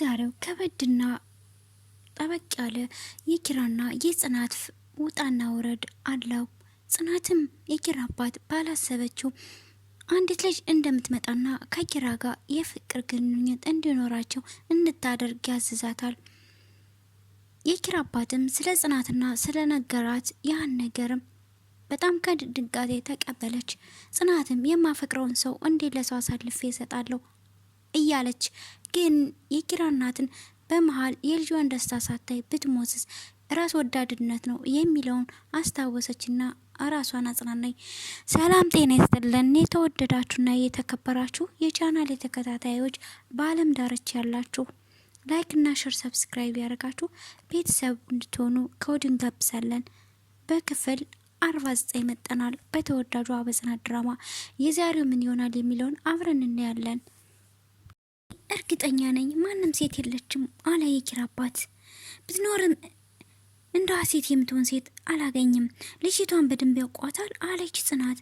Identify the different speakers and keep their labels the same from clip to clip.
Speaker 1: ዛሬው ከበድና ጠበቅ ያለ የኪራና የጽናት ውጣና ውረድ አለው። ጽናትም የኪራ አባት ባላሰበችው አንዲት ልጅ እንደምትመጣና ከኪራ ጋር የፍቅር ግንኙነት እንዲኖራቸው እንታደርግ ያዝዛታል። የኪራ አባትም ስለ ጽናትና ስለ ነገራት ያን ነገርም በጣም ከድንጋጤ ተቀበለች። ጽናትም የማፈቅረውን ሰው እንዴት ለሰው አሳልፌ እሰጣለሁ እያለች ግን የኪራ እናትን በመሀል የልጇን ደስታ ሳታይ ብትሞስስ ራስ ወዳድነት ነው የሚለውን አስታወሰችና ራሷን አጽናናኝ። ሰላም ጤና ይስጥልን የተወደዳችሁና የተከበራችሁ የቻናል የተከታታዮች በአለም ዳርቻ ያላችሁ ላይክና ሸር ሰብስክራይብ ያደርጋችሁ ቤተሰብ እንድትሆኑ ከወዲሁ እንጋብዛለን። በክፍል አርባ ዘጠኝ መጠናል። በተወዳጁ አበጽናት ድራማ የዛሬው ምን ይሆናል የሚለውን አብረን እናያለን። እርግጠኛ ነኝ ማንም ሴት የለችም አለ የኪራ አባት። ብትኖርም እንደ ሴት የምትሆን ሴት አላገኝም። ልጅቷን በደንብ ያውቋታል አለች ጽናት።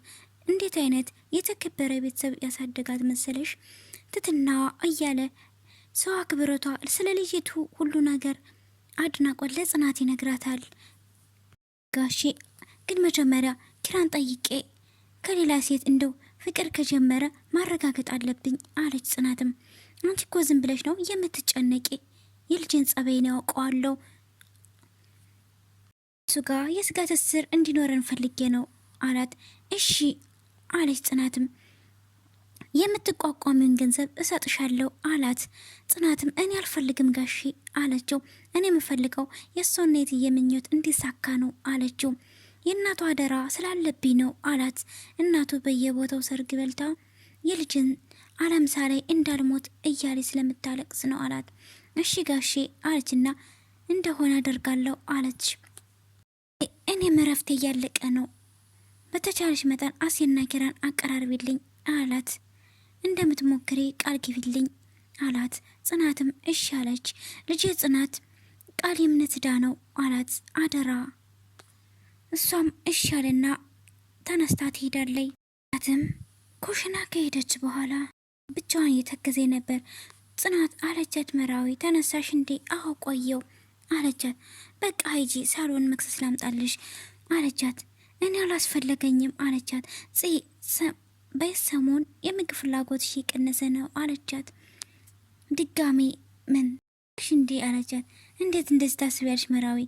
Speaker 1: እንዴት አይነት የተከበረ ቤተሰብ ያሳደጋት መሰለሽ ትትናዋ እያለ ሰው አክብረቷ ስለ ልጅቱ ሁሉ ነገር አድናቆት ለጽናት ይነግራታል። ጋሼ ግን መጀመሪያ ኪራን ጠይቄ ከሌላ ሴት እንደው ፍቅር ከጀመረ ማረጋገጥ አለብኝ አለች ጽናትም አንቺ እኮ ዝም ብለሽ ነው የምትጨነቂ። የልጅን ጸበይን ያውቀዋለሁ። እሱ ጋር የስጋ ትስስር እንዲኖረን ፈልጌ ነው አላት። እሺ አለች ጽናትም የምትቋቋሚውን ገንዘብ እሰጥሻለሁ አላት። ጽናትም እኔ አልፈልግም ጋሺ አለችው። እኔ የምፈልገው የእሷና የትዬ ምኞት እንዲሳካ ነው አለችው። የእናቱ አደራ ስላለብኝ ነው አላት። እናቱ በየቦታው ሰርግ በልታ የልጅን አለም ላይ እንዳልሞት እያለ ስለምታለቅስ ነው አላት። እሺ ጋሼ አለችና እንደሆነ አደርጋለሁ አለች። እኔም እረፍቴ እያለቀ ነው፣ በተቻለሽ መጠን አሴና ኪራን አቀራርቢልኝ አላት። እንደምትሞክሬ ቃል ግቢልኝ አላት። ጽናትም እሺ አለች። ልጄ ጽናት ቃል የእምነት ነው አላት። አደራ እሷም እሺ አለና ተነስታ ትሄዳለች። ጽናትም ኩሽና ከሄደች በኋላ ብቻዋን እየተከዜ ነበር። ጽናት አለቻት መራዊ ተነሳሽ እንዴ? አዎ ቆየው አለቻት። በቃ ሂጂ ሳሎን መክሰስ ላምጣልሽ አለቻት። እኔ አላስፈለገኝም አለቻት። በሰሞን የምግብ ፍላጎትሽ የቀነሰ ነው አለቻት። ድጋሜ ምን ሽ እንዴ? አለቻት። እንዴት እንደዚህ ታስቢያለሽ መራዊ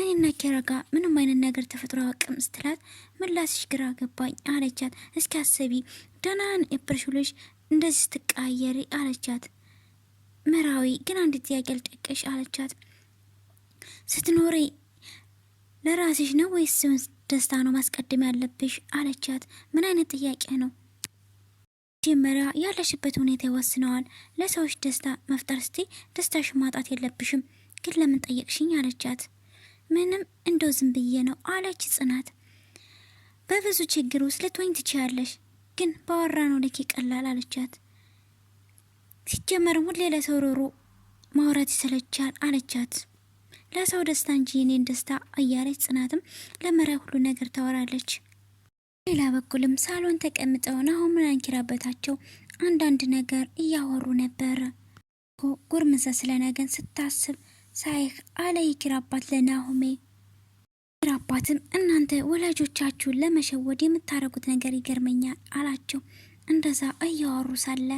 Speaker 1: እኔና ኪራ ጋ ምንም አይነት ነገር ተፈጥሮ አቅም ስትላት ምላስሽ ግራ ገባኝ አለቻት። እስኪ አሰቢ ደህናን የፕርሽሎች እንደዚህ ስትቃየሪ አለቻት። ምራዊ ግን አንድ ጥያቄ ልጠቀሽ አለቻት። ስትኖሪ ለራስሽ ነው ወይስ ደስታ ነው ማስቀደም ያለብሽ አለቻት። ምን አይነት ጥያቄ ነው? መጀመሪያ ያለሽበት ሁኔታ ይወስነዋል። ለሰዎች ደስታ መፍጠር ስቲ ደስታሽ ማጣት የለብሽም። ግን ለምን ጠየቅሽኝ አለቻት። ምንም እንደው ዝም ብዬ ነው አለች ጽናት። በብዙ ችግር ውስጥ ልትወኝ ትችያለሽ፣ ግን ባወራ ነው ልክ ይቀላል አለቻት። ሲጀመርም ሁሌ ለሰው ሮሮ ማውራት ይሰለቻል አለቻት። ለሰው ደስታ እንጂ የኔን ደስታ እያለች ጽናትም ለመሪያ ሁሉ ነገር ታወራለች። ሌላ በኩልም ሳሎን ተቀምጠው ናሆምን አንኪራበታቸው አንዳንድ ነገር እያወሩ ነበር። ጉርምዘ ስለ ነገን ስታስብ ሳይህ አለ የኪራ አባት ለናሆሜ። የኪራ አባትም እናንተ ወላጆቻችሁን ለመሸወድ የምታደርጉት ነገር ይገርመኛል አላቸው። እንደዛ እያወሩ ሳለ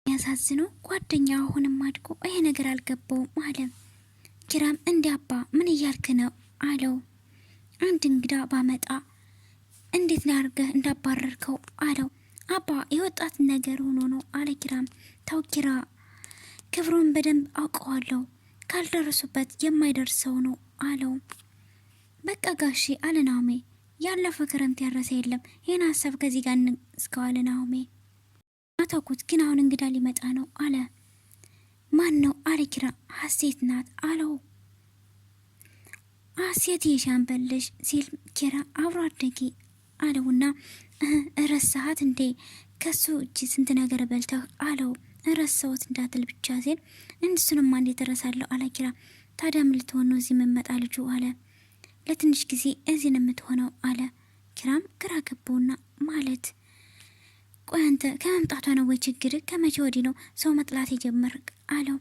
Speaker 1: የሚያሳዝነው ጓደኛ አሁንም አድጎ ይሄ ነገር አልገባውም አለ። ኪራም እንዲ አባ ምን እያልክ ነው አለው። አንድ እንግዳ ባመጣ እንዴት ላርገህ እንዳባረርከው አለው። አባ የወጣት ነገር ሆኖ ነው አለ ኪራም። ታው ኪራ ክብሩን በደንብ አውቀዋለሁ ካልደረሱበት የማይደርሰው ነው አለው። በቃ ጋሺ አለ ናሆሜ። ያለፈ ክረምት ያረሰ የለም። ይህን ሀሳብ ከዚህ ጋር እንስከው አለ ናሆሜ። አተኩት ግን አሁን እንግዳ ሊመጣ ነው አለ። ማን ነው አለ ኪራ። ሀሴት ናት አለው። ሀሴት የሻንበልሽ ሲል ኪራ አብሮ አደጌ አለውና ረሳሃት እንዴ ከሱ እጅ ስንት ነገር በልተህ አለው። ረሰውት እንዳትል ብቻ ሲል እንድሱንማ አንድ እረሳለሁ አለ ኪራ። ታዲያ ምን ልትሆን ነው እዚህ የምመጣ ልጁ አለ። ለትንሽ ጊዜ እዚህ ነው የምትሆነው አለ። ኪራም ግራ ገባውና ማለት ቆይ አንተ ከመምጣቷ ነው ወይ ችግር? ከመቼ ወዲህ ነው ሰው መጥላት የጀመርክ አለው።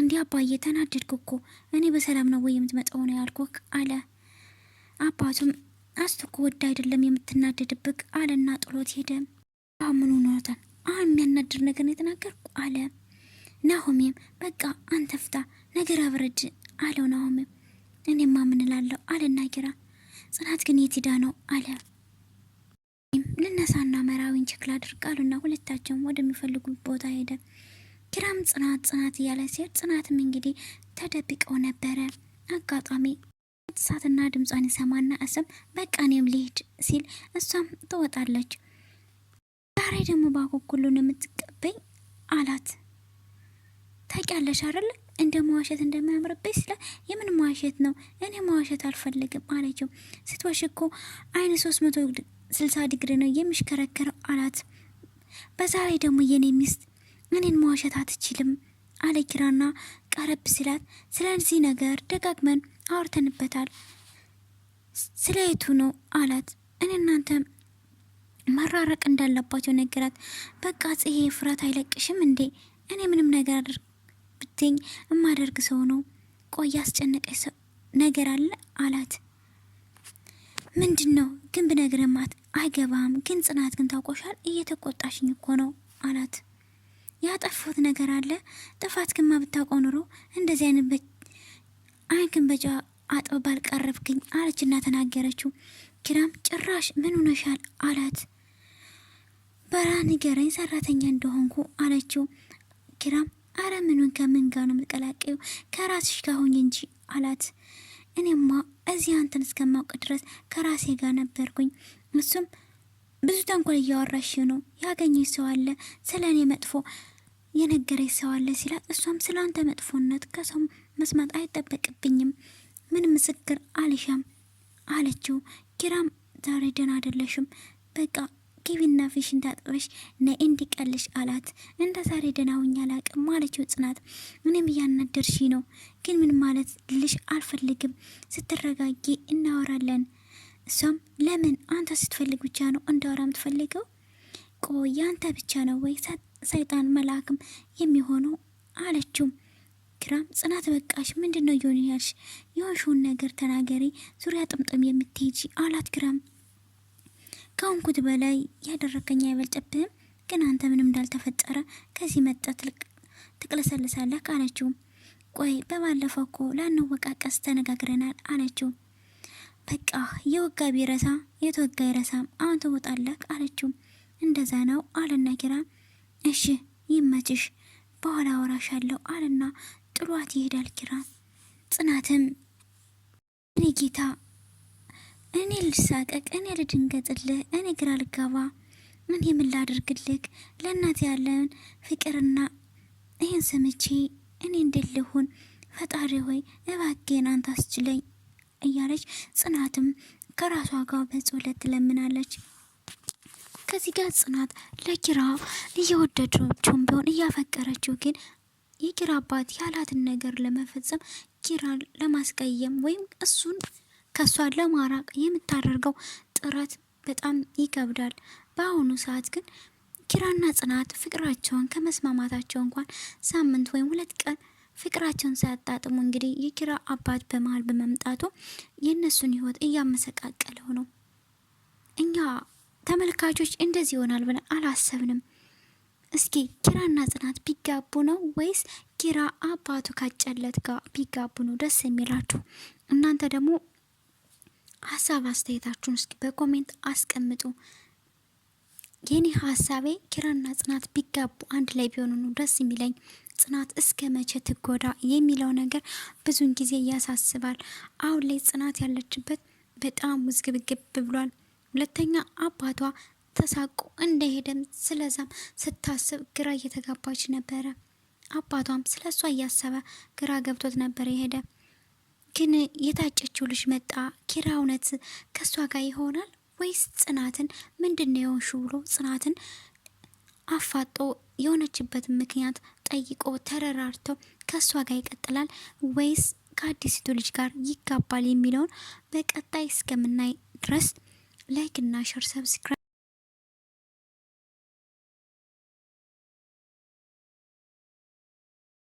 Speaker 1: እንዲህ አባዬ ተናደድክ እኮ እኔ በሰላም ነው ወይ የምትመጣው ነው ያልኩክ አለ። አባቱም አስቱ እኮ ወዳ አይደለም የምትናደድብክ አለና ጥሎት ሄደ። አምኑ ኖረታል አሁን የሚያናድር ነገር ነው የተናገርኩ አለ። ናሆሜም በቃ አንተ ፍታ ነገር አብረድ አለው። ናሆሜም እኔማ ምን እላለሁ አለና ኪራ ጽናት ግን የት ሄዳ ነው አለ። ልነሳና መራዊን ቸክል አድርግ አሉና ሁለታቸውም ወደሚፈልጉ ቦታ ሄደ። ኪራም ጽናት ጽናት እያለ ሲሄድ ጽናትም እንግዲህ ተደብቀው ነበረ። አጋጣሚ ሳትና ድምጿን ይሰማና እስም በቃ እኔም ልሄድ ሲል እሷም ትወጣለች። ዛሬ ደግሞ በአኮኩሎ ነው የምትቀበኝ አላት። ታውቂያለሽ አይደል እንደ መዋሸት እንደማያምርብኝ ስለ የምን መዋሸት ነው? እኔ መዋሸት አልፈልግም አለችው። ስትዋሽ እኮ አይን ሶስት መቶ ስልሳ ዲግሪ ነው የሚሽከረከረው አላት። በዛ ላይ ደግሞ የኔ ሚስት እኔን መዋሸት አትችልም አለ ኪራና ቀረብ ስላት፣ ስለዚህ ነገር ደጋግመን አውርተንበታል ስለየቱ ነው አላት። እኔ እናንተም መራረቅ እንዳለባቸው ነገራት። በቃ ጽሄ ፍራት አይለቅሽም እንዴ? እኔ ምንም ነገር ብትኝ እማደርግ ሰው ነው። ቆይ አስጨነቀ ሰው ነገር አለ አላት። ምንድን ነው ግን ብነግርማት አይገባም። ግን ጽናት ግን ታውቆሻል፣ እየተቆጣሽኝ እኮ ነው አላት። ያጠፉት ነገር አለ? ጥፋት ግማ ብታውቀው ኑሮ እንደዚህ አይነት አይንክን በጫ አጥብ ባልቀረብክኝ አለችና ተናገረችው። ኪራም ጭራሽ ምን ሆነሻል አላት። በራ ንገረኝ ሰራተኛ እንደሆንኩ አለችው። ኪራም አረ ምኑን ከምን ጋር ነው የምትቀላቀዩ ከራስሽ ጋር ሆኝ እንጂ አላት። እኔማ እዚህ አንተን እስከማውቅ ድረስ ከራሴ ጋር ነበርኩኝ። እሱም ብዙ ተንኮል እያወራሽ ነው ያገኘሽ ሰው አለ ስለ እኔ መጥፎ የነገረች ሰው አለ ሲላት፣ እሷም ስለ አንተ መጥፎነት ከሰው መስማት አይጠበቅብኝም ምን ምስክር አልሻም አለችው። ኪራም ዛሬ ደህና አይደለሽም በቃ ግቢና ፊሽ እንዳጥበሽ ነ እንዲቀልሽ አላት። እንደ ዛሬ ደናውኛ አላቅም ማለችው ጽናት። ምንም እያናደርሺ ነው፣ ግን ምን ማለት ልሽ አልፈልግም። ስትረጋጊ እናወራለን። እሷም ለምን አንተ ስትፈልግ ብቻ ነው እንዳወራ የምትፈልገው? ቆይ ያንተ ብቻ ነው ወይ ሰይጣን መልአክም የሚሆነው አለችው። ኪራም ጽናት በቃሽ፣ ምንድን ነው የሆንሽ? የሆንሽውን ነገር ተናገሪ፣ ዙሪያ ጥምጥም የምትሄጂ አላት ኪራም ከሆንኩት በላይ ያደረገኝ አይበልጭብህም? ግን አንተ ምንም እንዳልተፈጠረ ከዚህ መጣ ትቅለሰልሳለህ አለችው። ቆይ በባለፈው እኮ ላንወቃቀስ ተነጋግረናል አለችው። በቃ የወጋ ቢረሳ የተወጋ ይረሳም፣ አሁን ትወጣለህ አለችው። እንደዛ ነው አለና ኪራ እሺ ይመችሽ፣ በኋላ አወራሻለሁ አለና ጥሏት ይሄዳል ኪራ ጽናትም እኔ ጌታ እኔ ልሳቀቅ፣ እኔ ልድንገጥልህ፣ እኔ ግራ ልጋባ፣ ምን የምላደርግልህ ለእናት ያለን ፍቅርና ይህን ሰምቼ እኔ እንደልሁን ፈጣሪ ሆይ እባጌን አንተ አስችለኝ እያለች ጽናትም ከራሷ ጋር በጸሎት ትለምናለች። ከዚህ ጋር ጽናት ለኪራ እየወደደችውም ቢሆን እያፈቀረችው ግን የኪራ አባት ያላትን ነገር ለመፈጸም ኪራን ለማስቀየም ወይም እሱን ከእሷ ለማራቅ የምታደርገው ጥረት በጣም ይከብዳል። በአሁኑ ሰዓት ግን ኪራና ጽናት ፍቅራቸውን ከመስማማታቸው እንኳን ሳምንት ወይም ሁለት ቀን ፍቅራቸውን ሳያጣጥሙ እንግዲህ የኪራ አባት በመሀል በመምጣቱ የእነሱን ህይወት እያመሰቃቀለው ነው። እኛ ተመልካቾች እንደዚህ ይሆናል ብለን አላሰብንም። እስኪ ኪራና ጽናት ቢጋቡ ነው ወይስ ኪራ አባቱ ካጨለት ጋር ቢጋቡ ነው ደስ የሚላችሁ? እናንተ ደግሞ ሀሳብ አስተያየታችሁን እስኪ በኮሜንት አስቀምጡ። የኔ ሀሳቤ ኪራና ጽናት ቢጋቡ አንድ ላይ ቢሆኑ ነው ደስ የሚለኝ። ጽናት እስከ መቼ ትጎዳ የሚለው ነገር ብዙን ጊዜ ያሳስባል። አሁን ላይ ጽናት ያለችበት በጣም ውዝግብግብ ብሏል። ሁለተኛ አባቷ ተሳቆ እንደሄደም ስለዛም ስታስብ ግራ እየተጋባች ነበረ። አባቷም ስለ እሷ እያሰበ ግራ ገብቶት ነበረ የሄደ ግን የታጨችው ልጅ መጣ። ኪራ እውነት ከእሷ ጋር ይሆናል ወይስ ጽናትን ምንድን ነው የሆንሹ ብሎ ጽናትን አፋጦ የሆነችበት ምክንያት ጠይቆ ተረራርተው ከእሷ ጋር ይቀጥላል ወይስ ከአዲሲቱ ልጅ ጋር ይጋባል የሚለውን በቀጣይ እስከምናይ ድረስ ላይክ እና ሸር ሰብስክራይብ